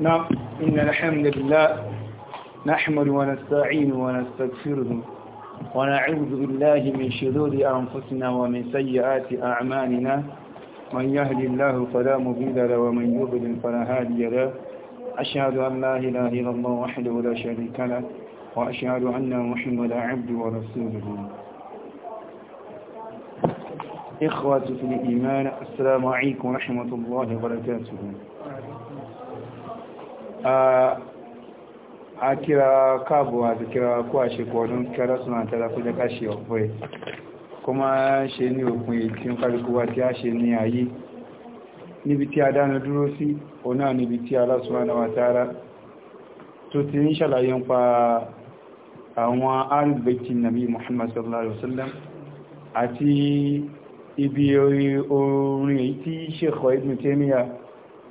نعم إن الحمد لله نحمد ونستعين ونستغفره ونعوذ بالله من شرور أنفسنا ومن سيئات أعمالنا من يهد الله فلا مضل له ومن يضلل فلا هادي له أشهد أن لا إله إلا الله وحده لا شريك له وأشهد أن محمدا عبده ورسوله إخوة في الإيمان السلام عليكم ورحمة الله وبركاته a kíra káàbọ̀ àti kíra kó àṣepọ̀ ọdún kí alásùnà àtàrà kó jẹ́ká ṣe ọ̀pọ̀ ẹ̀ kó máa ṣe ní òpin tí ń kálukú wá tí a ṣe ní ayé níbi tí a dánu dúró sí o náà níbi tí alásùnà àtàrà ti ń ṣàlàyé ń pa àwọn arìnbẹ̀tì nàbí sallallahu alaihi wasallam àti ibi orin èyí tí ṣèkọ̀ Ibn Taymiyyah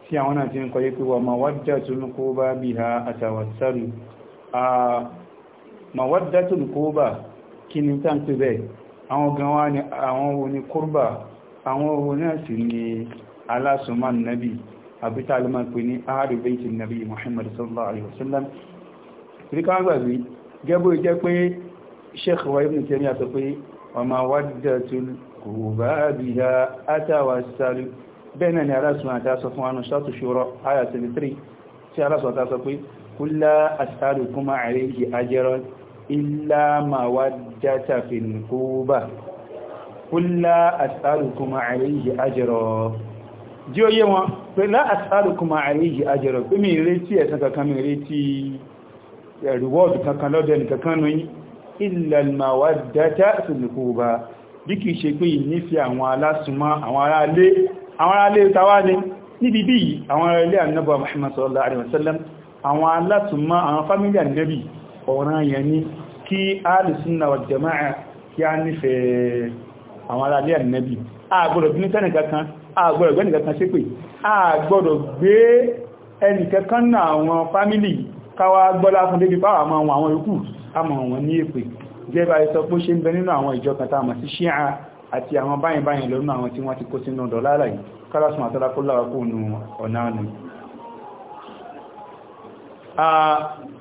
tí àwọn náà ti ń kọ́ yípe wa mawaddatun quba biha atawassalu mawaddatun quba kí ni tá ń pè bẹ́ẹ̀ àwọn gan wá ní àwọn wo ni kúrbà àwọn wo náà sì ni alásùnmọ́ nàbì àbí tá a lè máa pé sheikh wa ibn Taymiyyah sọ pé wa mawaddatun quba bẹ́ẹ̀ náà ni aláṣùn àti aṣọ fún anú ṣàtù ṣòro àyà 73 tí aláṣùn àti aṣọ pé kúlá as'alukum alayhi ajran illa mawaddata fil qurba kúlá as'alukum alayhi ajran jí ó yé wọn pé lá as'alukum alayhi ajran pé mi retí ẹ̀san kankan mi retí reward kankan lọ́dọ̀ ẹni kankan bí kìí ṣe pé ìnífẹ́ àwọn alásùnmọ́ àwọn aráalé àwọn alé tàwà ní níbi bí àwọn ilé annabawa Muhammad sallallahu alaihi wasallam àwọn alátùmá àwọn fámílì annabi ọ̀ràn yẹn ni kí alìsúnnà wà jama'a kí a nífẹ̀ẹ́ àwọn alé annabi àgbọ̀dọ̀ bí nítẹ́ nìkankan àgbọ̀dọ̀ gbé nìkankan ṣépè àgbọ̀dọ̀ gbé ẹnìkankan náà àwọn fámílì káwà gbọ́lá fún débi báwà mọ́ ṣe ń bẹ nínú àwọn ìjọ kan tá sí ṣíà àti àwọn báyìí báyìí lọ́nà àwọn tí wọ́n ti kó sínú dọ̀lára yìí kálásùn àtàlákó láwákó nù ọ̀nà nù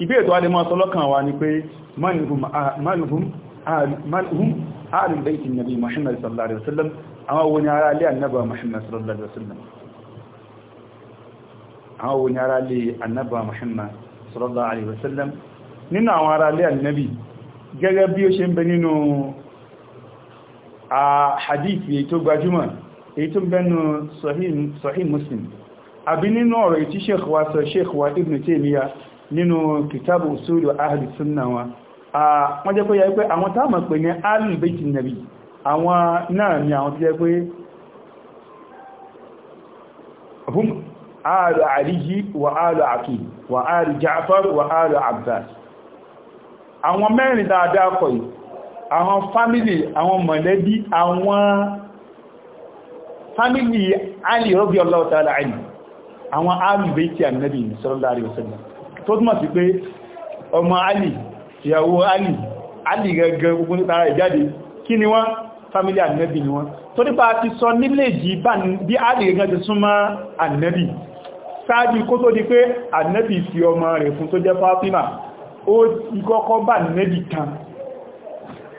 ìbí ètò adé máa sọlọ́kàn wa ni pé manuhum alul baiti sallallahu alaihi wasallam àwọn wo ni ará sallallahu alaihi wasallam àwọn wo ni ará sallallahu alaihi wasallam nínú àwọn ará ilé annabi gẹ́gẹ́ bí a hadith èyí tó gbajúmọ̀ èyí tó bẹnu sahih muslim àbí nínú ọ̀rọ̀ èyí sheikh wa sọ sheikh wa ibn taymiya nínú kitabu usulu ahli sunna wa wọ́n jẹ́ pé ya pé àwọn tá mọ̀ pé ní ahlul baiti nabi àwọn náà ni àwọn tó jẹ́ pé hum alu aliyi wa alu aki wa alu ja'far wa alu abbas àwọn mẹ́rin dáadáa kọ̀ yìí àwọn family, àwọn mọ̀lẹ́bí àwọn family alì rọ́bí ọlọ́ọ̀tàlá àìní àwọn alìbẹ̀ẹ́tì ànẹ́bì sallallahu alaihi wasallam tó túnmọ̀ sí pé ọmọ alì ìyàwó alì alì gẹ́gẹ́ gbogbo nípa rẹ̀ jáde kí ni wọ́n fámílì ni wọ́n tó nípa ti sọ nílé jì bí alì gẹ́gẹ́ ti súnmọ́ ànẹ́bì sáájú kó tó di pé ànẹ́bì fi ọmọ rẹ̀ fún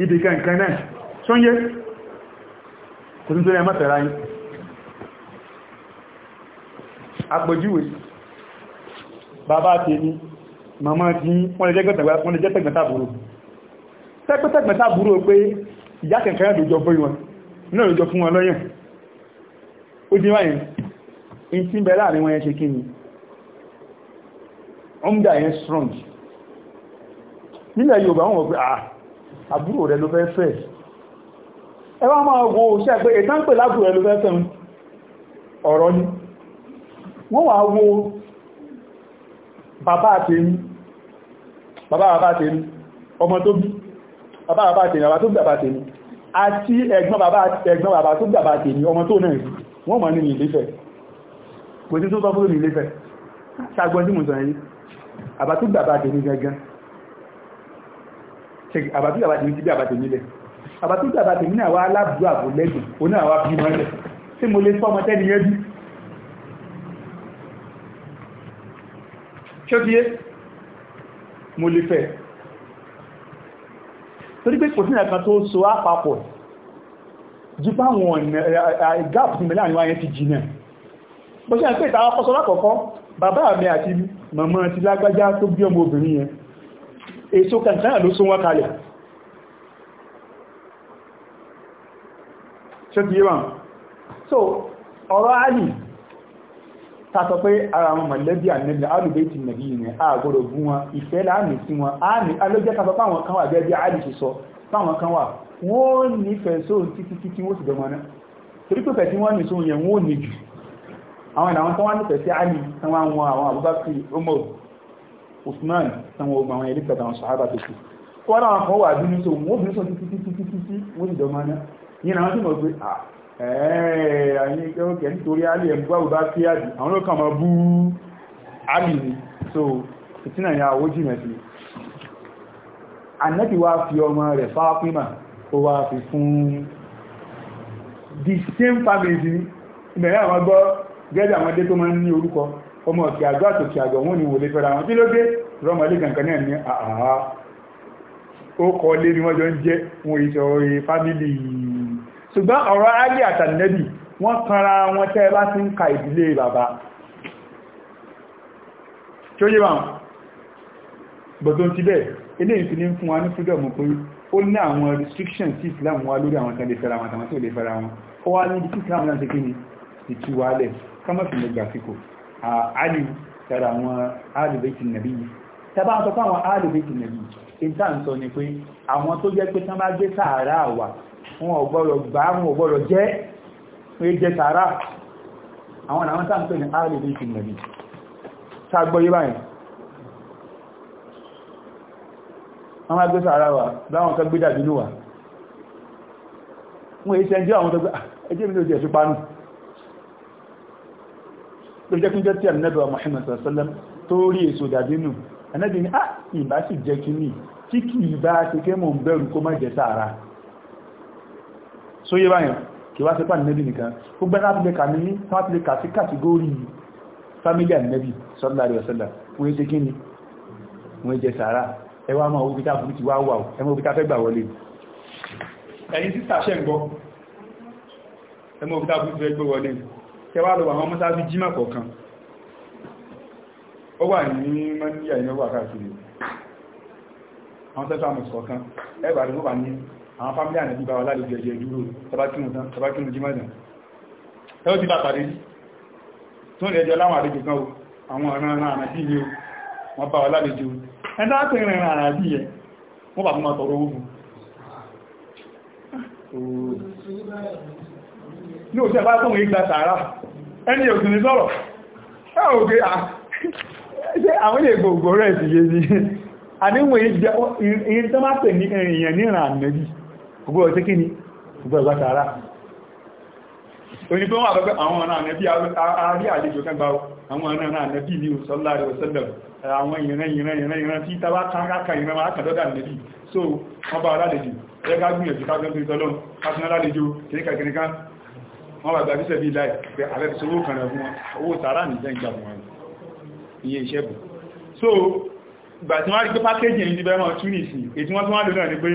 ibi kankan náà ṣóyé kò ní tó rẹ mọ́tẹ̀rá yìí àpòjúwe bàbá tèmi màmá tí wọ́n lè jẹ́ tẹ̀gbẹ̀tàbúrò tẹ́gbẹ̀tàbúrò pé ìyá kankan náà lójọ bóyí wọn náà lójọ fún wọn lọ́yàn ó dín wáyé in tí ń bẹ láàrin wọn ṣe kí ni ọmọdé yẹn strong nílẹ̀ Yorùbá wọn wọ́n pé àà ah, àbúrò rẹ̀ ló fẹ́ fẹ́ ẹ wá máa wo ṣe pé ìtànpè lábúrò rẹ̀ ló fẹ́ fẹ́ ọ̀rọ̀ ni wọ́n wá wo bàbá àtẹ́mí bàbá bàbá àtẹ́mí ọmọ tó bí bàbá bàbá àtẹ́mí bàbá tó bí bàbá àtẹ́mí àti ẹ̀gbọ́n bàbá ẹ̀gbọ́n bàbá tó bí bàbá àtẹ́mí ọmọ tó náà wọ́n mọ̀ ní ìlẹ́fẹ̀ àbátí àbátí ní bí àbátí nílẹ̀ àbátí bí àbátí ní àwọn alábùú àbò lẹ́gbùn oní àwọn bí mọ́lẹ̀ tí mo lè fọ́mọ tẹ́ni yẹ́ bí ṣé ó ti yé mo lè fẹ́ torí pé kò sí ìrìnàkan tó so àpapọ̀ jù báwọn ọ̀nà gáàpù tí mẹ́lá àwọn ayẹ́ ti jìnà èso kàntánà ló sún wọ́n kalẹ̀ ṣe ti yíwa so ọ̀rọ̀ alì tàtọ̀ pé ara wọn mọ̀lẹ́bí ànẹ́bí alùbẹ́tì nàbí ìrìn àgbọ̀rọ̀ bú wọn ìfẹ́ láàmì sí wọn àmì alójẹ́ tàtọ̀ páwọn kan wà gẹ́gẹ́ bí alì ṣe sọ páwọn kan wà wọ́n nífẹ̀ẹ́ sóhun títí títí wọ́n sì dọ́mọ náà torí pé fẹ̀sí wọ́n ní sóhun yẹn wọ́n ní jù àwọn ìlànà tó wá nífẹ̀ẹ́ sí alì tán wá wọn àwọn àbúgbà fi ó mọ̀ Usman táwọn ogun àwọn ẹ̀rí pẹ̀tà àwọn sàhábà tó kù wọ́n náà wọ́n wà bínú tó wọ́n bínú tó títí títí títí tí wọ́n ti dọ̀mọ́ náà yìí náà wọ́n ti mọ̀ pé ẹ̀ẹ́n ẹ̀ẹ́n torí alì ẹ̀ gbá òbá sí àdì àwọn olókàn mọ̀ bú alì ni so ìtínà ya owó jìnà sí anẹ́bí wá fi ọmọ rẹ̀ fáwápímà ó wá fi fún the same family ìbẹ̀rẹ̀ àwọn gbọ́ gẹ́gẹ́ àwọn adé tó máa ń ní orúkọ ọmọ òkè àgbà àtòkè àgbà wọn ni wòlé fẹ́ra wọn tí ló dé rọmọlé kankan náà ní àhá ó kọ lé ní wọ́n jọ ń jẹ́ wọn ìṣọ̀ orí fámílì ṣùgbọ́n ọ̀rọ̀ alẹ́ àtànẹ́bì wọ́n kanra wọn tẹ́ bá ti ń ka ìdílé bàbá tí ó yé wọn bọ̀tọ̀ ti bẹ́ẹ̀ eléyìí ti ní fún wa ní freedom pé ó ní àwọn restrictions tí Islam wá lórí àwọn tán lè fẹ́ra wọn àtàwọn tí ò lè fẹ́ra wọn ó wá ní ibi tí Islam náà ti kí ni ìtúwálẹ̀ kámọ́sì lè gbà ali tara àwọn alùbẹ́tì nàbí tàbá sọ fún àwọn alùbẹ́tì nàbí ìta ń sọ ni pé àwọn tó jẹ́ pé tán bá gbé sàárà wà wọn ò gbọ́dọ̀ gbà wọn ò gbọ́dọ̀ jẹ pé jẹ sàárà àwọn àwọn tá ń pè ní alùbẹ́tì nàbí sàgbọ́ yí báyìí wọ́n má gbé sàárà wà láwọn kan gbé dàbínú wà wọ́n èyí sẹ́ńjẹ́ àwọn tó gbé ah, ló jẹ́ kí jẹ́ tí ànẹ́bà Muhammad sallam tó rí èso dàbínù ànẹ́bì ní à ah, ìbá sì jẹ́ kí ní tí kì í bá ti kẹ́ mọ̀ ń bẹ̀rù kó má jẹ sára sóyé báyàn kí wá sípà ànẹ́bì nìkan ó gbẹ́ láti lè kà ní láti lè kà sí kàtígórì fámílì ànẹ́bì sallallahu alaihi wasallam wọ́n jẹ́ sísà ṣẹ́ ń gbọ́ ẹ mọ́ obìta ti fẹ́ wọlé kẹwàá lọ àwọn mọ́sáájú jímà kọ̀ọ̀kan ó wà ní mọ́ndíyà ìnáwó àkàkiri àwọn central mosque kọ̀ọ̀kan ẹgbà àdúgbò wà ní àwọn fámílì ànàbí bá wà lálejò ẹ̀jẹ̀ dúró tabakinu jímà dàn tẹ́wọ́ ti bá pàdé tó ń ẹjọ́ láwọn àlejò kan àwọn ọ̀ràn ànàbí ni wọ́n bá wà lálejò ẹ̀dá àpẹẹrẹ ànàbí yẹ wọ́n bá fún ma tọrọ owó fún ní òṣèlú bá tóun ìgbà tààrà ẹni òsìn ní sọ́rọ̀ ẹ̀rọ̀gbé àwọn ilé gbogbo rẹ̀ ti yé ní àníwò ìyẹn tó má pè ní èèyàn níran àmẹ́bí gbogbo ọ̀tí kí ni gbogbo ẹ̀gbà tààrà onígbọ́n àbẹ́bẹ́ àwọn ọ̀nà àmẹ́bí àrí àlejò kẹgbà àwọn ọ̀nà àmẹ́bí ní òsọ́láàrí òsẹ́lẹ̀ àwọn ìran ìran ìran ìran tí tàbá káàkà ìran máa kàdọ́dà àmẹ́bí so wọ́n bá alálejò ẹgbẹ́ gbìyànjú ká wọ́n bàgbà bí láì pé àrẹ́bìsí owó fún owó tààrà ní jẹ́ ìjàmù wọn iye iṣẹ́ bù so gbà tí wọ́n rí pé pákéjì ní bẹ́ẹ̀ mọ̀ túnìsì ètí wọ́n tún wá lónà ní pé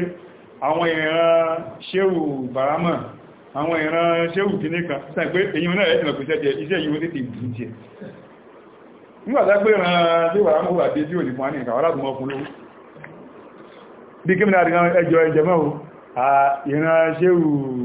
àwọn ìran ṣéwù bàrámà àwọn ìran ṣéwù kìíní kan sẹ́n pé èyí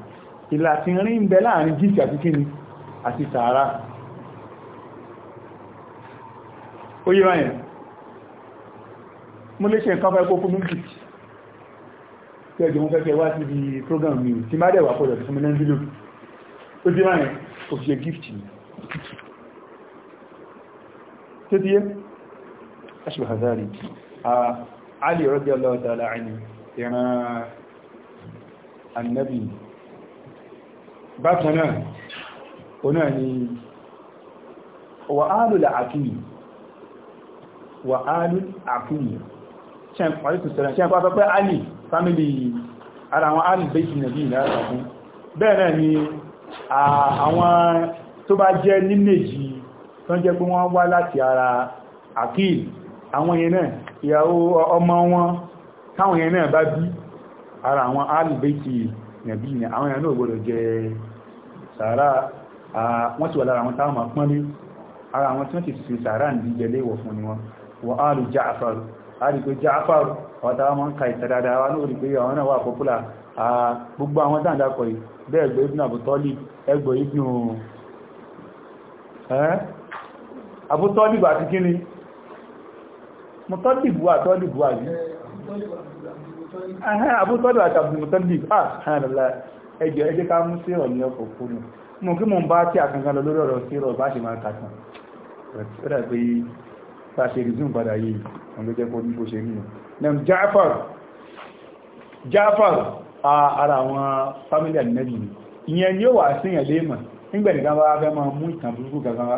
ìlà ti rí ń bẹ láàrin gíìsì àti kíni àti sàárà ó yé báyẹn mo lè ṣe nǹkan fẹ́ kó fún múlùkì tí ẹjọ́ mo fẹ́ fẹ́ wá sí ibi program mi tí má dẹ̀wà pọ̀jọ̀ tí ìran annabi bákan náà onáà ni wà áàlùlà àkíyì wà áàlùl àkíyì ṣẹ́nkọ́ alì family ara àwọn alìbẹ́jì nàbí ìlàràkún bẹ́ẹ̀ náà ni àwọn tó bá jẹ́ nílèjì tó jẹ́ pé wọ́n wá láti ara àkíyì àwọn yẹn náà ìyàwó ọmọ wọn táwọn yẹn náà bá bí ara àwọn alìbẹ́jì nàbí ìlàràkún àwọn yẹn náà gbọ́dọ̀ jẹ́ sàárà wọ́n ti wà lára àwọn táwọn pọ́nlé ara àwọn tí wọ́n ti fi sàárà ní ìjẹlé ìwọ̀ fún ni wọ́n wọ́n áàlù Ja'far àríkò wọn wọn lórí pé àwọn náà wà pọ́pùlà gbogbo àwọn dáńdàkọ̀ yìí bẹ́ẹ̀ gbé Ibn Abu Talib ẹgbẹ̀ Ibn Abu Talib àti kíni mọ̀tọ́lìbù àtọ́lìbù àbí Abu Talib àti Abdul Muttalib ah, ẹjọ́ ẹjẹ́ ká mú sí ọ̀nà ọkọ̀ fún un mo kí mo ń bá tí àkankan lọ lórí ọ̀rọ̀ sí ọ̀rọ̀ bá ṣe máa kàtàn ó dà pé bá ṣe rí ara àwọn family ni ó wà sí ìyẹn léèmọ̀ nígbẹ̀ nìkan bá fẹ́ máa mú ìtàn burúkú kankan wá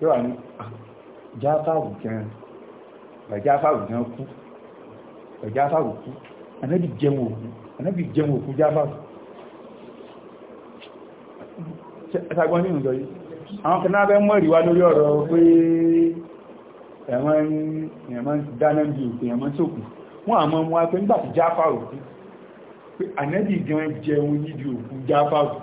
yóò wà ní ah, Jafar gan Jafar gan kú Jafar kú anábì jẹun òkú anábì jẹun òkú Jafar kú ẹ̀sàgbọ́n ní ìjọ yìí àwọn kan náà bẹ́ mọ́ ìrìwá lórí ọ̀rọ̀ pé ẹ̀wọ̀n dáná bí òkè ẹ̀wọ̀n sókù wọ́n àmọ́ mú wá pé nígbà tí jáfàrò pé ànẹ́bì gan jẹun níbi òkú jáfàrò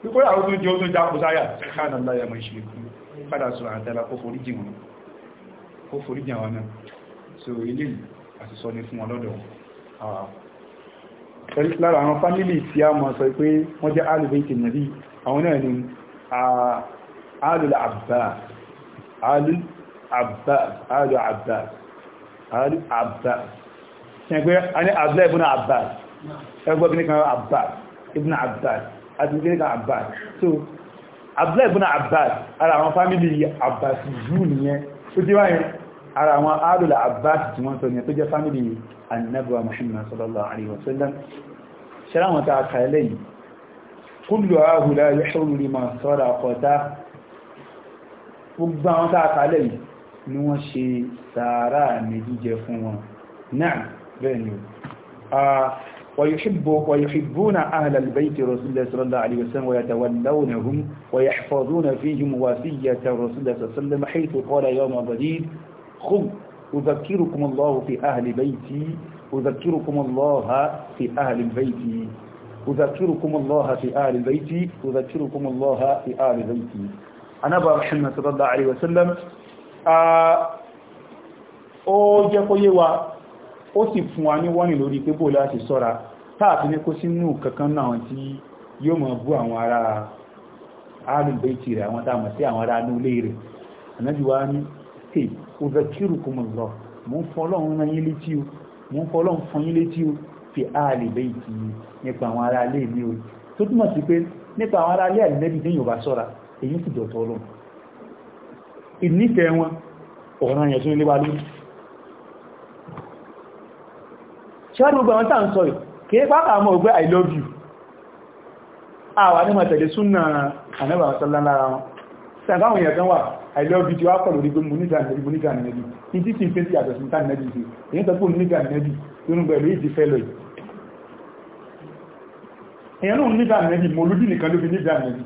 pípọ́ àwọn tó jẹ́ ó tó jápò sáyà ṣẹ́kànlá yàmọ̀ ìṣẹ́kù padà sọ̀rọ̀ àtẹ́lá kó forí jì so ilé àti sọ ní fún pẹ̀lú lára àwọn fámílì tí a mọ̀ sọ pé wọ́n jẹ́ alùbẹ́ẹ̀tì nàbí àwọn náà ni alùl abbas alùl abbas alùl abbas alùl abbas ṣẹgbẹ́ a ní abdullahi ibn abbas ẹgbẹ́ bí nìkan abbas ibn abbas àti bí nìkan abbas so abdullahi ibn abbas ara àwọn fámílì abbas ara àwọn àdùlà abbas tí wọ́n sọ ní tó jẹ́ fámílì annabuwa muhammad sallallahu alaihi wasallam ṣẹ́ráwọn ta kàílẹ̀ yìí kúlù ahùlá yóò ṣòro rí ma sọ́rọ̀ àkọta gbogbo àwọn ta kàílẹ̀ yìí ni wọ́n ṣe sàárà ní fún wọn náà bẹ́ẹ̀ ويحبون أهل البيت رسول الله صلى الله عليه وسلم ويتولونهم ويحفظون فيهم وصية رسول صلى الله عليه وسلم حيث قال يوم ضديد khum uzakirukum الله في أهل بيتي uzakirukum الله في أهل بيتي uzakirukum الله في أهل بيتي uzakirukum الله في أهل بيتي أنا muhammad sallallahu alaihi wasallam a ó jẹ́ kó yé wa ó sì fún wa ní wọ́nì lórí pé bóòlá ti sọ́ra táàfi ní kó sínú kankan náà tí yóò mọ̀ bú àwọn ará alùbẹ́ ìtì rẹ̀ àwọn dámọ̀ sí àwọn ará ní olé rẹ̀ ànájúwá ní hey uzakirukumullah mo ń fọ́ ọlọ́run rán yín létí o mo ń fọ́ ọlọ́run fọ́ yín létí o fi áàlì bẹ́ẹ̀ ti nípa àwọn ará ilé mi o tó túmọ̀ sí pé nípa àwọn ará ilé àìlẹ́bí tí yóò bá sọ́ra èyí sì dọ̀tọ̀ ọlọ́run ìnífẹ̀ẹ́ wọn ọ̀ràn yẹn tún ilé lórí ṣáà gbogbo àwọn tàà ń sọ yìí kìí pàpà àmọ́ ògbé i love you àwà ní mọ̀ tẹ̀lé súnà ànẹ́bà ọ̀sán lára wọn sàgbáwọn èèyàn kan wà I love you tí wá pọ̀ lórí pé mo nígbà nẹ́bí mo nígbà nẹ́bí ní tí kì í fẹ́ntì àjọsí ní tánìlẹ́bí ṣe èyí tó kún nígbà nẹ́bí fellow. You gbẹ̀rẹ̀ èyí ti fẹ́ lọ yìí èyàn náà nígbà nẹ́bí mo lójú nìkan ló fi nígbà nẹ́bí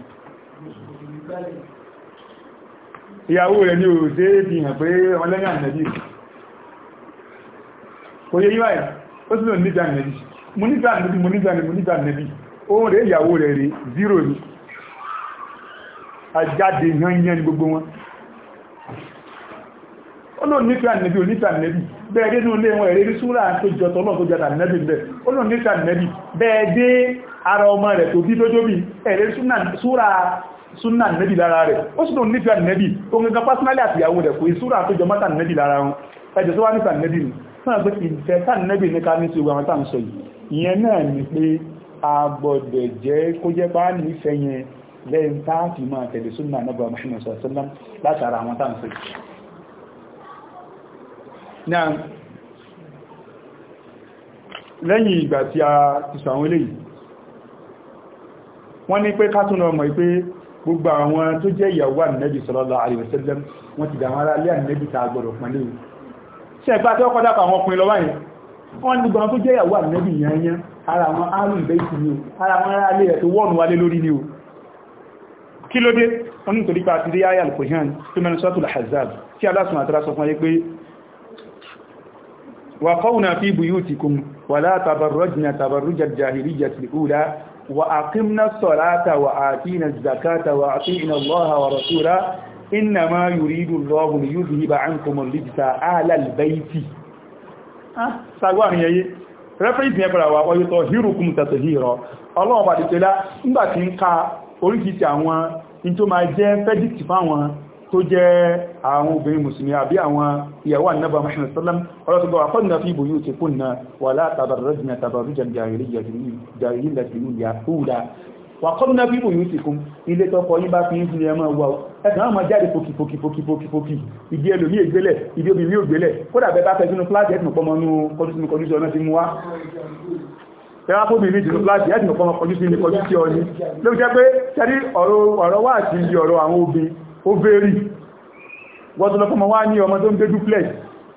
ìyàwó rẹ̀ ní òòdé fi hàn pé ọlẹ́yìn ànẹ́bí kò yẹ yíwáyì ó sì lọ nígbà nẹ́bí mo nígbà nẹ́bí mo nígbà nẹ́bí mo zero ni àjáde gbogbo wọn olóòn nífẹ̀ẹ́ ànẹ́bí onífẹ̀ẹ́ ànẹ́bí bẹ́ẹ̀ dé nínú ilé wọn èrè rí súnra tó jọ tọ́lọ́ tó jọta ànẹ́bí bẹ́ẹ̀ olóòn nífẹ̀ẹ́ ànẹ́bí bẹ́ẹ̀ dé ara ọmọ rẹ̀ tó bí lójó bí èrè súnra súnà ànẹ́bí lára rẹ̀ ó sì lóòn nífẹ̀ẹ́ ànẹ́bí ohun gẹ́gẹ́ pásínálì àtìyàwó rẹ̀ kò súnra tó jọ mọ́ta ànẹ́bí lára wọn ẹjọ́ tó wá nífẹ̀ẹ́ ànẹ́bí ni fún àgbẹ̀ ìfẹ́ tánẹ́bí ni pé a gbọ́dọ̀ jẹ́ kó jẹ́ bá nífẹ̀ẹ́ yẹn lẹ́yìn táàfì máa tẹ̀lé súnà náà bá mọ́ṣínà sọ̀tọ́lá látara àwọn tàn sọ náà lẹ́yìn ìgbà tí a ti sọ àwọn eléyìí wọ́n ní pé kátùnà ọmọ ìpé gbogbo àwọn tó jẹ́ ìyàwó ànẹ́bì sallallahu alaihi wasallam wọ́n ti dàwọn ni o ara àwọn ará alẹ́ rẹ̀ tó wọ́n wálé lórí ni o kí ló dé wọ́n nítorí pa àti rí ayà al-Qur'an tó mẹ́rin sọ́tù al-Ahzab tí àtàrà sọ fún ayé pé وقونا في بيوتكم ولا تبرجنا تبرج الجاهلية الأولى وأقمنا الصلاة وآتينا الزكاة وأطيعنا الله ورسوله إنما يريد الله ليذهب عنكم الرجس أهل البيت sàgbàrin ẹyẹ reference yẹn pẹ̀lú àwọn ọyọ́tọ̀ hírùkún tẹ̀tẹ̀ hírọ ọlọ́ọ̀bà dìtẹ̀lá nígbàtí ń ka oríkìtì àwọn in tó máa tó jẹ́ àwọn obìnrin musulmi àbí àwọn ìyàwó annaba Muhammad sallam ọlọ́tọ̀gbọ́ àkọ́nà fi ìbò yóò ti kún náà wà látàbàrọ̀dìnà tàbàrùjẹ̀ jàrìlẹ̀ wàkọ́nà bíbò yóò ti kún ilé tọ́kọ yí bá fi ń sinmi ẹmọ wà ẹ̀sàn àwọn jáde pòkìpòkìpòkìpòkì ìdí ẹlòmí ìgbélẹ̀ ìdí obìnrin ògbélẹ̀ kódà bẹ bá fẹ́ sínú fláàtì ẹ̀tùn pọmọ ní kọjú sínú kọjú sí ọ̀nà ti mú wá tẹ́wàá fún bìnrin jùlọ láti ẹ̀tùn pọmọ kọjú sí ó bèèrè wọ́tọ̀lọ́pọ̀ wá ní ọmọ tó ń gbé duplex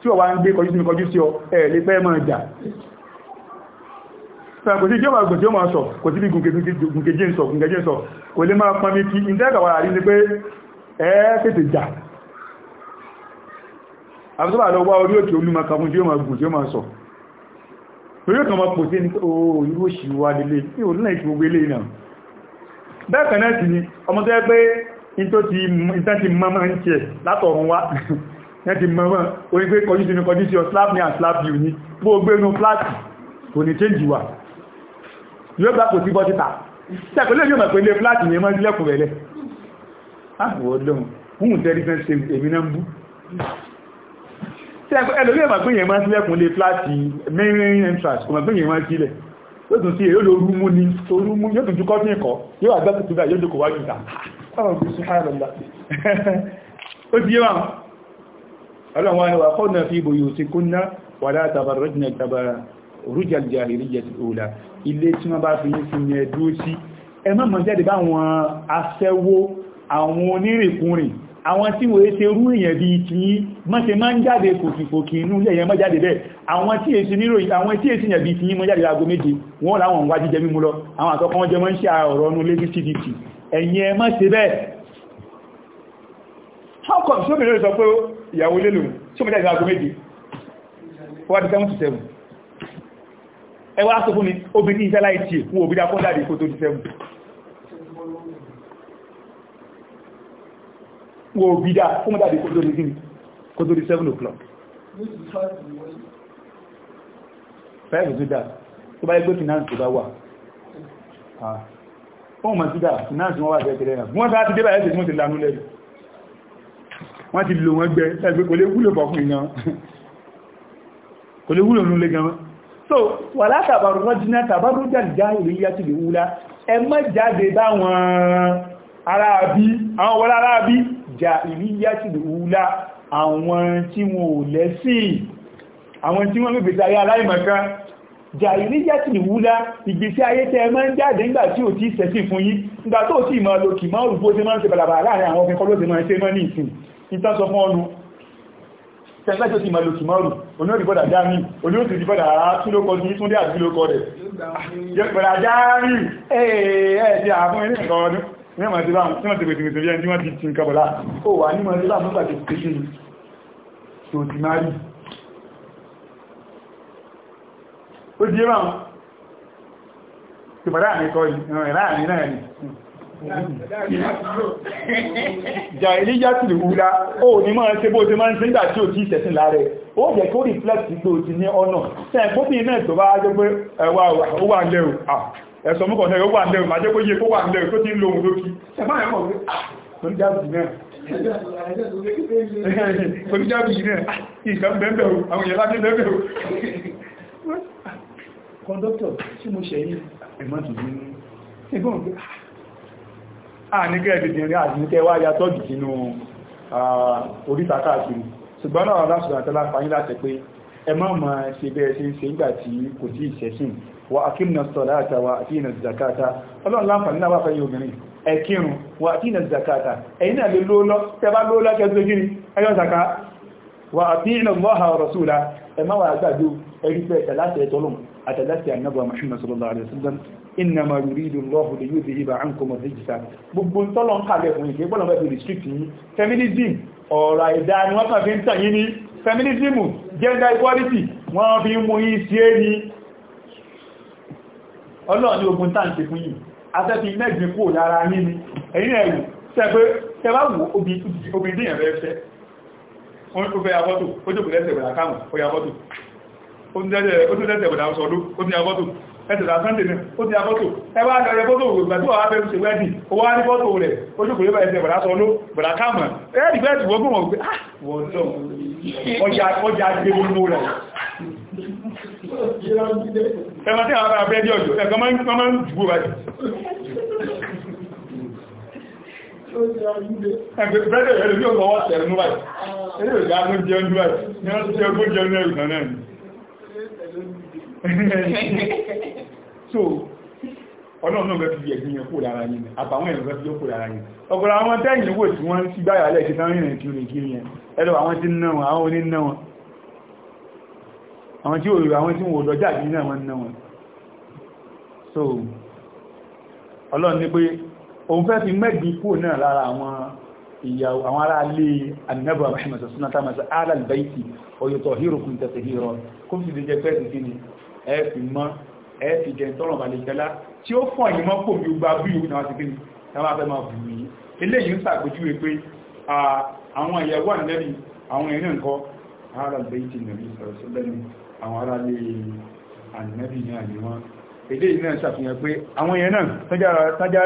tí ọwá ń gbé kọjú sí kọjú sí ọ ẹ̀ẹ̀lẹ́ pẹ́ mọ́ ìjà kò sí jọba gbogbo ọmọ sọ kò sí bí gùnkejì ń sọ gùnkejì ń sọ kò lè máa pọn mi kí ìdẹ́gbàwàrà rí ní pé ẹ̀ẹ́ tètè jà àbúsọ́bà lọ wá orí òkè olúmọ̀ká fún tí ó máa gùn tí ó máa sọ torí ọkàn máa pò sí oh, ní ooo irú òṣìwà lélẹ̀ ní òlúnà ìfògbélé náà bẹ́ẹ̀kẹ̀ náà sì ni ọmọ tó yẹ pé ìtẹ́ ti mọ́mọ́ ń tiẹ̀ látọ̀run wá ẹ́ ti mọ́mọ́ orí pé kọjú sínú kọjú sí ọ slap ní àslap yìí ní bó o gbénu fláàtì kò ní change wà yóò gbá kò sí bọ́ títà tẹ́kọ̀lẹ́ yóò mọ̀ pé ilé fláàtì yẹn mọ́ sílẹ̀kùn rẹ̀lẹ̀ yóò tún sí èyí olóòrùn mú ní orúmú yóò tún jú kọ́ sí ẹ̀kọ́ yóò àgbẹ́kùtù bá yóò dùkọ̀ wájú ìta ọ̀gbẹ̀ ṣùhánàlá ó ti yíwa ọlọ́wọ́n ni wà kọ́ náà fi bòyí òsì kúnná wà látàbà rọ́jìnà tàbà rújàl jàhìríyà ti òòlà ilé tí wọ́n bá fi ní sí yẹn dúó sí ẹ má mọ̀ jáde báwọn aṣẹ́wó àwọn onírìnkúrìn àwọn tí wòye ṣe rú èèyàn bí i kí mọ́ ṣe máa ń jáde kòkìkòkì inú ilé èèyàn mọ́ jáde bẹ́ẹ̀ àwọn tí èsì ẹ̀yin ẹ má ṣe bẹ́ẹ̀ how come so many sọ pé ìyàwó lélo tí ó mẹ́ta ìgbà agogo méje wọ́n ti seven to seven ẹ wá sọ fún mi obìnrin iṣẹ́ láì tí èkú òbí dákọ́ dáadé kó tó di seven wo òbí dá kó mọ́ dáadé kó tó di seven o'clock five to that tó bá yẹ pé finance tó bá wà ah fóòmù sídà náà tí wọ́n wà tẹ́tẹ́rẹ́ náà wọ́n sáà ti dé báyẹ̀ tí wọ́n ti lanú lẹ́rù wọ́n ti lò wọ́n gbẹ́ ẹgbẹ́ kò lè wúlò fọ́kùn ìgan kò lè wúlò nú lé gan so wà látàbàrù rọ́jìnà tàbàrù jàdìjá ìrìyà ti lè wúlá ẹ má jáde báwọn aráabí àwọn wọlá aráabí jà ìrìyà ti lè wúlá àwọn tí wọn ò lẹ́sìn àwọn tí wọ́n lè gbèsè ayé aláìmọ̀kan jàìríyàtì ìwúlá ìgbésí ayé tẹ́ mọ́ ń jáde ńgbà tí ò tí sẹ̀sí fún yí ńgbà tó tí mọ́ lo kì mọ́ rúgbó tí mọ́ ń ṣe bàbà láàrin àwọn ọkùnkọ́ ló ti mọ́ ṣe mọ́ ní ìsìn ìtànsọ fún ọnu tẹ́gbẹ́ tó ti mọ́ lo kì mọ́ rù onírìbọ́dà dámì onírìbọ́dà túnlókọ ní túnlé àdúlókọ rẹ̀ yẹ́pẹ̀rẹ̀ ajáàrí ẹ̀ẹ́ẹ̀ẹ́ àwọn ẹ̀rẹ́ ìkọ̀ ọdún ní ọmọ ti bá tí wọ́n ti pètè pètè bí ẹni tí wọ́n ó di ẹ̀rọ àwọn ìbàdá àmì kọ́ ìrìnà náà ni ìjà ìlíjá ti lè wúlá ó ní máa ṣe bó ṣe máa ń ṣe ń dà tí ò tí ìṣẹ̀sìn láàrẹ̀ ó jẹ́ kó reflect pé o ti ní ọ̀nà tẹ́ẹ̀ pópin náà tó bá jẹ́ pé ẹwà ó wà ń lẹ́rù ẹ̀sọ̀ mú kọ̀ọ̀nà ó wà ń lẹ́rù máa jẹ́ pé yẹ kó wà ń lẹ́rù tó ti kọ́ndọ́tọ̀ tí mo ṣe yìí ẹ̀mọ́ ti bí ẹgbọ́n pé àníkẹ́ ah, ẹ̀dẹ̀dẹ̀rin àníkẹ́ wá yàtọ̀ jù sínú oríta káàkiri ṣùgbọ́n náà lásùgbọ́n àtẹ́lá fàyí láti pé ẹ má ma ṣe bẹ́ẹ̀ ṣe ń ṣe nígbà tí kò tí ìṣẹ́sìn wa akimna salata wa atina zakata ọlọ́run láǹfààní náà wà fẹ́ yóò mìíràn ẹ̀kírun wa atina zakata ẹ̀yìn náà lè lóòlọ́ tẹ́ bá lóòlọ́ kẹ́ ẹyọ́ zaka wa atina Allaha wa rasula ẹ má wà gbàdú ẹrí pẹ́ tẹ̀ láti ẹ̀tọ́lùmù àtàlásì ànábà Muhammad sallallahu alaihi wasallam innama yuridu Allahu li yudhhiba ankum ar-rijsa gbogbo ń tọ́lọ̀ ń kàlẹ̀ fún ìgbé bọ́lọ̀ mẹ́fì restrict yìí feminism ọ̀rọ̀ ẹ̀dá ni wọ́n kàn fi ń tàn yí ni feminism gender equality wọ́n fi ń mú yí sí é ọlọ́ọ̀ ní ogun táǹkì fún yìí afẹ́fi mẹ́gbìn kúrò lára yí ni ẹ̀yìn ẹ̀rù tẹ́bá wù obìnrin ó tún tẹ́tẹ̀ bọ̀dá sọdún ó ní abọ́tò ẹ̀tẹ̀dà sunday náà ó ní abọ́tò ẹwà àdọ̀rẹ̀ fọ́tò ìgbà tí wà á bẹ̀rù ṣe wẹ́dì ó wá ní fọ́tò rẹ̀ ó ṣùkúrẹ́ bá ẹ̀tẹ̀ bọ̀dá sọdún bọ̀dá káàmù ẹ̀ẹ́dì bẹ́ẹ̀ tí wọ́n gbọ́n wọ́n ah, gbé ọjà agbègbè rẹ̀ ẹ̀mà tí àwọn abẹ́ ẹ̀dí ọjọ́ ẹ̀kọ́ máa ń jùgbò báyìí ẹgbẹ̀ bẹ́ẹ̀ ẹ̀rẹ̀ yóò lọ́wọ́ tẹ̀rẹ̀ mú báyìí so ọlọ́run náà gẹ́gẹ́ bí ẹ̀gbìn yẹn kó lára yìí ni àbàwọn ẹ̀rọ gẹ́gẹ́ kó lára yìí ọ̀pọ̀lọ̀ àwọn tẹ́yìn wò tí wọ́n ń sí gbáyà lẹ́ẹ̀kì sáwọn ìrìn kí orin kí yẹn ẹlọ àwọn tí ń ná wọn àwọn oní ná wọn àwọn tí òòrùn àwọn tí wọ́n lọ́jà bí náà wọ́n ná so ọlọ́run ní pé òun fẹ́ fi mẹ́gbìn kó náà lára ìyàwó àwọn ará alé annabawa muhammad suna ta masu alal baiti oyotọ̀ hero kun tẹ̀sẹ̀ hero kún fi jẹ pẹ́ sí kíni ẹ fi mọ́ ẹ fi jẹ tọ́rọ̀ balẹ̀kẹ́lá tí ó fọ́ ìyí mọ́ pò mí gba bí ìwé náà sí kíni táwọn afẹ́ máa bù mí eléyìí ń sàpèjúwe pé àwọn ìyàwó ànẹ́bì àwọn ìrìn nǹkan alal baiti nàbí sọ̀rọ̀ sí lẹ́nu àwọn ará alé ànẹ́bì náà ni wọ́n eléyìí náà sàfihàn pé àwọn ìyẹn náà tọ́jà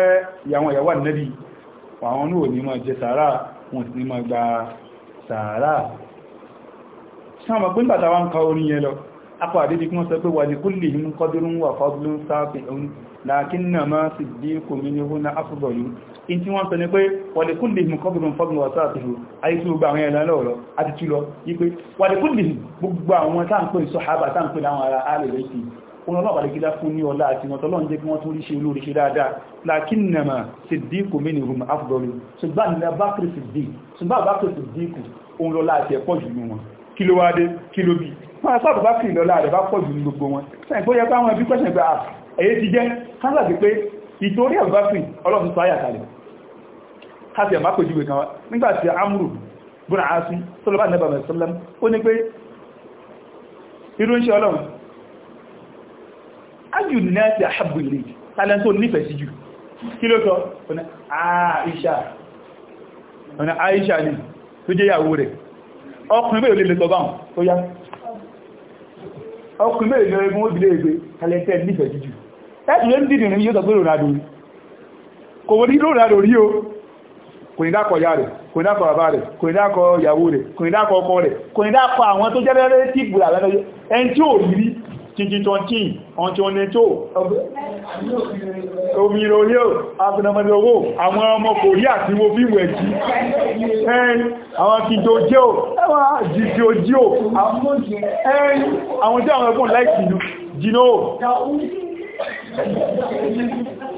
ìyàwó ànẹ́bì àwọn náà ní máa jẹ sàárà wọn sì ní máa gba sàárà sáàmà pín bàtà wá ń ka orin yẹn lọ apá àdíjì kí wọ́n sọ pé wà ní kúlì ní kọdúrún wà fọ́dúrún sáàfin òun láàkín náà máa sì dí kò ní ní hún afúgbọ̀ yìí in tí wọ́n sọ ní pé wà ní kúlì ní kọdúrún fọ́dúrún wà sáàfin òun náà bàlẹ̀ gílá fún ní ọlá àti ìmọ̀tọ́lọ́n jẹ́ kí wọ́n tún rí ṣe olórí ṣe dáadáa lákínàmà sídíkù mínìhùn afdọ́lù ṣùgbọ́n ní abákìrì sídíkù òun lọ́lá àti ẹ̀pọ̀ jù lú wọn kí ló wáde kí ló bí wọ́n sábà bá kìrì lọ́lá rẹ̀ bá pọ̀ jù gbogbo wọn sẹ́yìn tó yẹ pé àwọn ẹbí pẹ́sẹ̀ pé ẹ̀yẹ ah, ti jẹ́ kánsà sí pé ìtorí àbúbákìrì ọlọ́run sọ àyàkalẹ̀ káfí àmà pè júwe kan wá nígbà tí amúrù bùnà á sí tó lọ bá nẹ́bàmẹ̀ sọ́lẹ́m ó ní pé irú ń ṣe ọlọ́run ayù náà ti àṣàbù ilé tàlẹ́ntò nífẹ̀ẹ́ sí jù kí ló sọ ọ̀nà àìṣà ọ̀nà àìṣà ni tó jẹ́ ìyàwó rẹ̀ ọkùnrin mẹ́rin lè lọ́bàá tó yá ọkùnrin mẹ́rin lọ́rẹ̀ Ronaldo kò ní o kò ní dákọ̀ ìyá rẹ̀ kò ní dákọ̀ bàbá rẹ̀ kò ní dákọ̀ ìyàwó rẹ̀ kò ní dákọ̀ ọkọ rẹ̀ kò ní dákọ̀ àwọn tó jẹ́ rẹ̀ tíìpù àwọn ẹni tí ò rí 2020 2022 òmìnira orí ò àfẹ́nàmọ́dé owó àwọn ọmọ kò rí àti wo fíìmù ẹ̀kí ẹ̀yìn àwọn kìjọ jẹ́ ò ẹwà jìjì ojí ò ẹ̀yìn àwọn tí àwọn ẹgbùn láìsì jìnà ò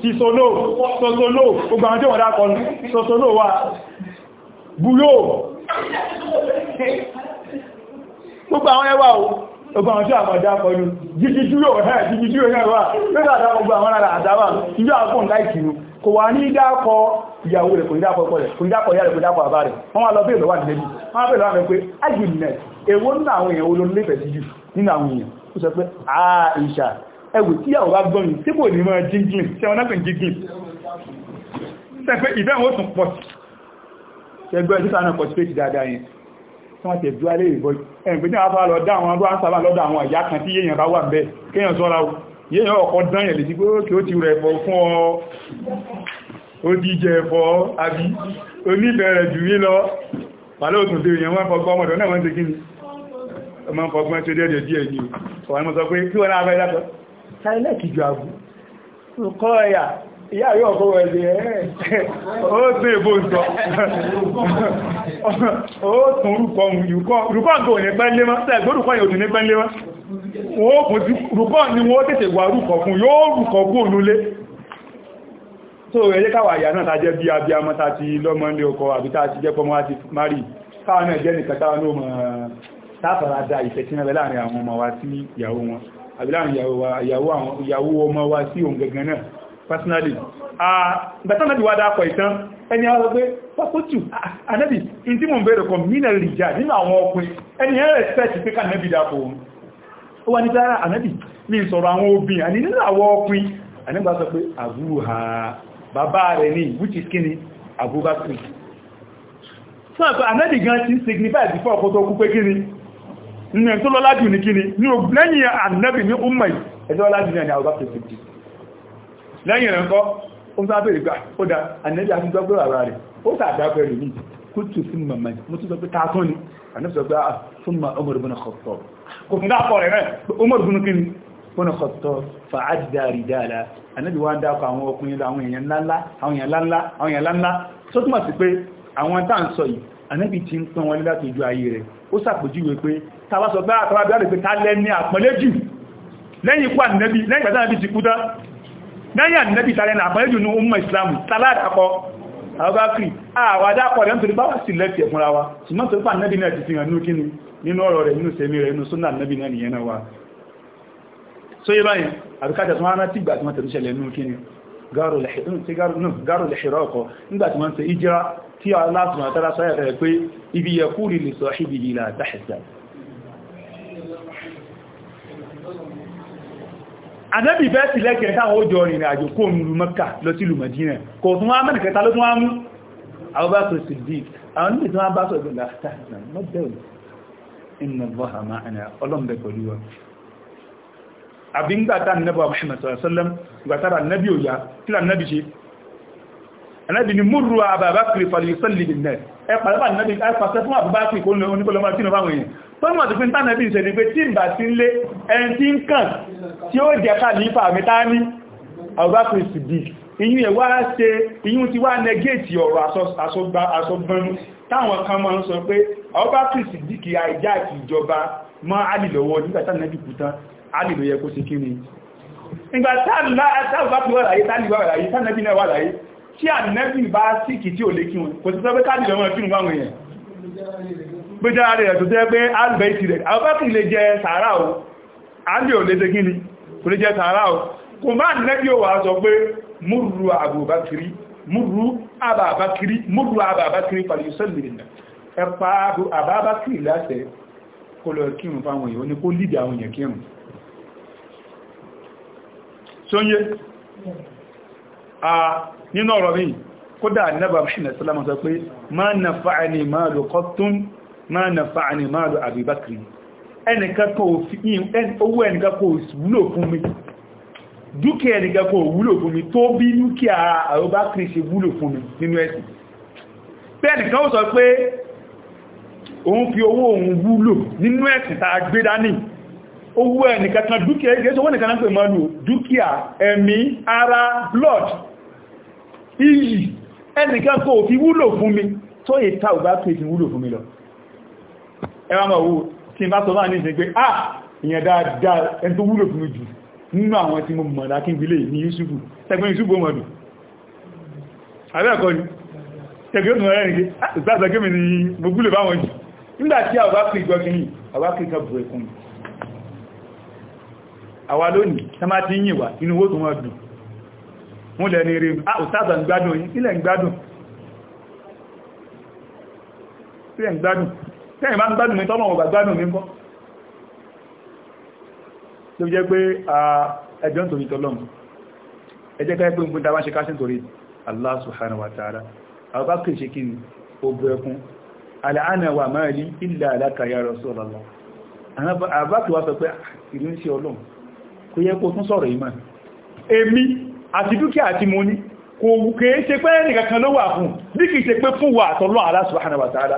sísọ́lò sọ́sọ́lò gbogbo àwọn tí wọ́n dákọ̀ sọ́sọ́lò wà búrò gbogbo àwọn ẹwà ò ọgbà àwọn tí àwọn ọjà pẹ̀lú jíjí dúró ẹ̀ jíjí dúró náà wà lórí àdá gbogbo àwọn ará àdáwà ìjọ àpọ̀n láìkì ní kò wà ní dákọ ìyàwó rẹ̀ kò ní dákọ ọkọ rẹ̀ kò ní dákọ ìyá rẹ̀ kò ní dákọ àbá rẹ̀ wọ́n wá lọ bí ìlọ́wà nílẹ̀ bí wọ́n bẹ̀rẹ̀ láwọn pé ajínlẹ̀ èwo nínú àwọn èèyàn olólùfẹ́ sí jù nínú àwọn èèyàn ó sọ pé àìṣà ẹwù tí àwọn bá gbọ́n tí kò ní mọ́ jíngìn tí wọ́n lápẹ̀ jíngìn sẹ́pẹ́ ìbẹ̀wò tún pọ̀ sí ẹgbẹ́ ìdíkà náà pọ̀ sí pé ti dáadáa yẹn tí wọ́n tẹ̀ ju alẹ́ ìbọ̀ ẹ̀gbẹ́ ní àwọn lọ dá àwọn arúgbó sábà lọ́dọ̀ àwọn ìyá kan tí yéèyàn bá wà bẹ́ẹ̀ kéèyàn sọ́ra o yéèyàn ọkọ̀ dán yẹn lè ti pé ókè ó ti rẹ̀ fọ́ fún ọ ó ti jẹ ẹ̀fọ́ àbí oníbẹ̀rẹ̀ jù yí lọ pàlẹ́ òtún tí èèyàn wọ́n fọgbọ́n ọmọdé náà wọ́n ti kí ni ọmọ fọgbọ́n tí ó dẹ̀ díẹ̀ ní ọ̀wọ́n mọ́ sọ pé kí wọ́n náà fẹ́ látọ̀ ìyá yóò kó wẹ̀ lé ẹ́ ó tún èbó sọ ó tún rúkọ rúkọ rúkọ nǹkan ò ní pẹ́ lé mọ́ ṣẹ́gbẹ́ rúkọ yóò tún ní pẹ́ lé mọ́ wọ́n kò sí rúkọ ni wọ́n tètè wà rúkọ fún yóò rúkọ kúrò nílé tó ẹ̀yẹ káwà àyà náà tàjẹ́ bí abiyamọ ta ti lọ́mọ ní ọkọ àbí tá ti jẹ́ pọmọ àti mari káwà náà jẹ́ nìkan táwọn ọmọ sáfàrádà ìfẹ́ tí náà láàrin àwọn ọmọ wa sí ìyàwó wọn àbí láàrin ìyàwó ọmọ wa sí òun gangan náà personally ah, ìgbàtánàbí wá dákọ̀ ìtàn ẹni àwọn pé pọ́pọ́tù anẹ́bì in tí mo ń bèèrè kan mínà rìjà nínú àwọn ọkùnrin ẹni ẹ́ respect pé ká anẹ́bì dákọ̀ ohun ó wá ní dára anẹ́bì ní ìsọ̀rọ̀ àwọn obìnrin àní nínú àwọn ọkùnrin anẹ́gbà sọ pé àbúhà bàbá rẹ̀ ní which is kíni Abubakar fún àpá anẹ́bì gan ti signify before ọkọ̀ tó kú pé kíni ní ẹ̀ tó lọ́lá jù ní kíni ní ògbẹ́yìn anẹ́bì ní ọmọ ẹ̀ lọ́lá jù ní Abubakar lẹ́yìn rẹ̀ ńkọ́ ó ń sábẹ̀ ìgbà ó da ànẹ́bí àti gbọ́gbọ́ ara rẹ̀ ó sàdápẹ́ rẹ̀ nìyí kú tù fún màmá yìí mo tún sọ pé ta tún ni ànẹ́bí sọ pé ah, fún ma Umar ibn Khattab kò fún dápọ̀ rẹ̀ rẹ̀ Umar ibn kí ni ibn Khattab fa'adda rijala ànẹ́bí wá ń dákọ̀ àwọn ọkùnrin àwọn èèyàn ńláńlá àwọn èèyàn ńláńlá àwọn èèyàn ńláńlá tó túmọ̀ sí pé àwọn tá à ń sọ yìí ànẹ́bí ti ń pọ́n wọlé láti ojú ayé rẹ̀ ó sàpèjúwe pé tàbá sọ ah, bá àtàwà bí á lè pé ta lẹ́ni àpọ́nlé jù lẹ́yìn ikú ànẹ́bí lẹ́yìn ìgbàdá ànẹ́bí ti kú tán náyà nẹ́bí tààrẹ nà àpẹẹjù ní ọmọ ìsìlámù tààdàkọ́ àwọ́gáfì àwàdàkọ́ rẹ̀ nítorí báwà sí lẹ́tì ẹ̀fúnra wa ṣùgbọ́n tó pà nẹ́bí náà ti fi hàn ní kíni nínú ọ̀rọ̀ rẹ̀ nínú sẹ́mi rẹ̀ nínú súnà nẹ́bí náà nìyẹn náà wa so yé báyìí àbíkájà tó hánà tìgbà tí wọ́n tẹ̀lú ṣẹlẹ̀ nínú kíni gáàrò lẹ̀ṣẹ̀rọ̀ ọkọ̀ nígbà tí wọ́n ànábì bẹ́ẹ̀ sì lẹ́kẹ̀ẹ́ táwọn ó jọ rìnrìn àjò kó ń lu mẹ́kà lọ sí ìlú Mẹdínà kò tún wá mẹ́rin kẹta ló tún wá mú àwọn bá sọ sí dì àwọn níbi tí wọ́n bá sọ ìgbẹ̀lá tààtà mọ́bẹ̀rù inna Allaha ma'ana ọlọ́m̀bẹ̀ pẹ̀lú wọn àbíngbàtà nẹ́bà Muhammad sallam gbàtàrà nẹ́bí òyà kí lànàbí ṣe tọ́mọ̀ tó fi ń tánàbí ìṣẹ́ ni pé tí ìbà tí ń lé ẹni tí ń kàn tí ó jẹ́ kàlífà mẹ́ta ní Abubakar Siddiq ìyún ẹ̀wà ṣe ìyún ti wá negéètì ọ̀rọ̀ asọ́gbọ́n táwọn kan máa ń sọ pé Abubakar Siddiq àìjá ìjọba mọ́ alìlọ́wọ́ nígbàtánàbí kùtán alìlọ́ yẹ kó ṣe kí ni ìgbà tí ànẹ́bì bá síkì tí ò lé kí wọn kò sí sọ pé káàdì lọ́wọ́ kí wọn báwọn èèyàn gbéjára rẹ̀ tó jẹ́ pé albẹ̀ẹ́tì rẹ̀ albẹ́kì lè jẹ sàárà o alẹ́ ò lè jẹ gíní kò lè jẹ sàárà o kò bá nẹ́bí ò wà sọ pé múrù àbàbákiri múrù àbàbákiri múrù àbàbákiri pàlú sẹ́lìrìnà ẹpa àbàbákiri láṣẹ kó lọ kírun fáwọn máa nà fa àní máa lọ àbíbákiri ẹnìkan kò wúlò fún mi dúkìá ẹnìkan kò wúlò fún mi tó bí dúkìá àbíbákiri ṣe wúlò fún mi nínú ẹ̀sìn bẹ́ẹ̀nìkan ó sọ pé òun fi owó òun wúlò nínú ẹ̀sìn tàà gbé dání owó ẹnìkan kan ara blood iyì ẹnìkan kò fi wúlò fún mi tó yẹ ta ò bá pè fi wúlò fún mi lọ ẹwà máa wò tí n bá sọ náà ní ah ìyẹn dáadáa ẹni tó wúlò fún jù nínú àwọn tí mo mọ̀ lákíngbélé ní Yusufu tẹgbẹ́ Yusufu mọ̀dù abẹ́ẹ̀kọ́ ni tẹgbẹ́ òtún ọ̀rẹ́ nìké ìgbàzàgẹ́mì ni mo gúlò báwọn jù nígbà tí a bá kìí gbọ́gbìnì àwá kìí kàbù ẹ̀kùn àwà lónìí tẹ́má ti yìn wà inú owó tó wọ́n dùn mú lẹ́ ní rí òsáàzà ń gbádùn yìí ilẹ̀ tẹ́yìn bá ń gbádùn mi tọ́lọ̀ ọgbà gbádùn mi kọ́ tó jẹ́ pé ẹjọ́ nítorí tọ́lọ̀ ẹjẹ́ ká pé gbogbo dáwà ṣe káṣí nítorí Allah subhanahu wa ta'ala àbá kìí ṣe kí ogun wa mali illa laka ya Rasulullah àbá kìí wá sọ pé ah, ìlú ń ṣe ọlọ́run kò yẹ kó tún sọ̀rọ̀ ìmọ̀ èmi àti dúkìá àti mo ní kò kèé ṣe pé ẹnìkankan ló wà fún bí kìí ṣe pé fún wa àtọ́lọ́ Allah subhanahu wa ta'ala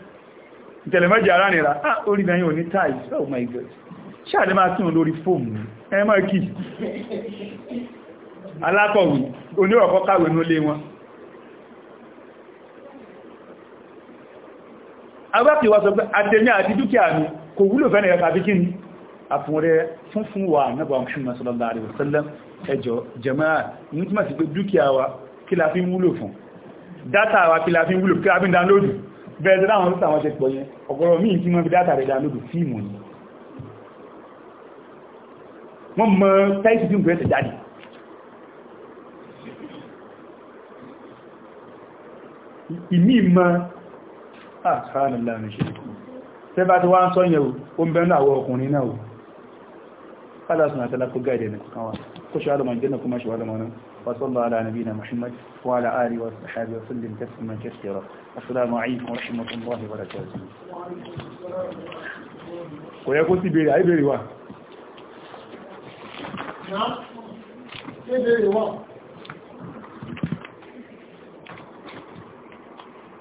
ìtẹ̀lẹ̀mọ́jì ara nìra ah orí bẹ̀yìn ò ní oh my god ṣáàdé máa tún lórí fóòmù ẹ máa kí alákọ̀wé onírọ̀kọ́ kàwé ní olé wọn agbákì wá sọ pé àtẹ̀mí àti dúkìá mi kò wúlò fẹ́ nìyà tàbí kí ni àfúnrẹ́ fún fún wa náà Muhammad sallallahu alaihi wasallam ẹjọ́ jama'a ní túnmọ̀ sí pé dúkìá wa kí la fi ń wúlò fún dátà wa kí la fi ń wúlò kí la fi ń dánlódù bẹ̀rẹ̀ láwọn orúkọ àwọn ṣe pọ̀ yẹn ọ̀pọ̀lọ̀ míì tí wọ́n fi dátà rẹ̀ dánlódù fíìmù ni wọ́n mọ táìsì tí ó gbẹ̀ẹ́sẹ̀ jáde ìmí mọ́ àtàrànlá rẹ̀ ṣe tẹ́ bá ti wá ń sọ yẹn وصلى على نبينا محمد وعلى آله وصحبه وسلم تسليما كثيرا السلام عليكم ورحمة الله وبركاته ويقول yẹ kó ti bèèrè àìbèèrè